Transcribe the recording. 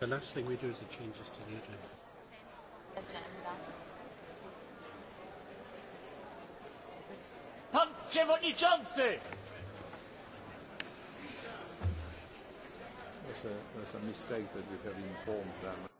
The last thing we do is the changes to the agenda. Agenda. Pan Przewodniczący! a, there's a mistake that you have informed them.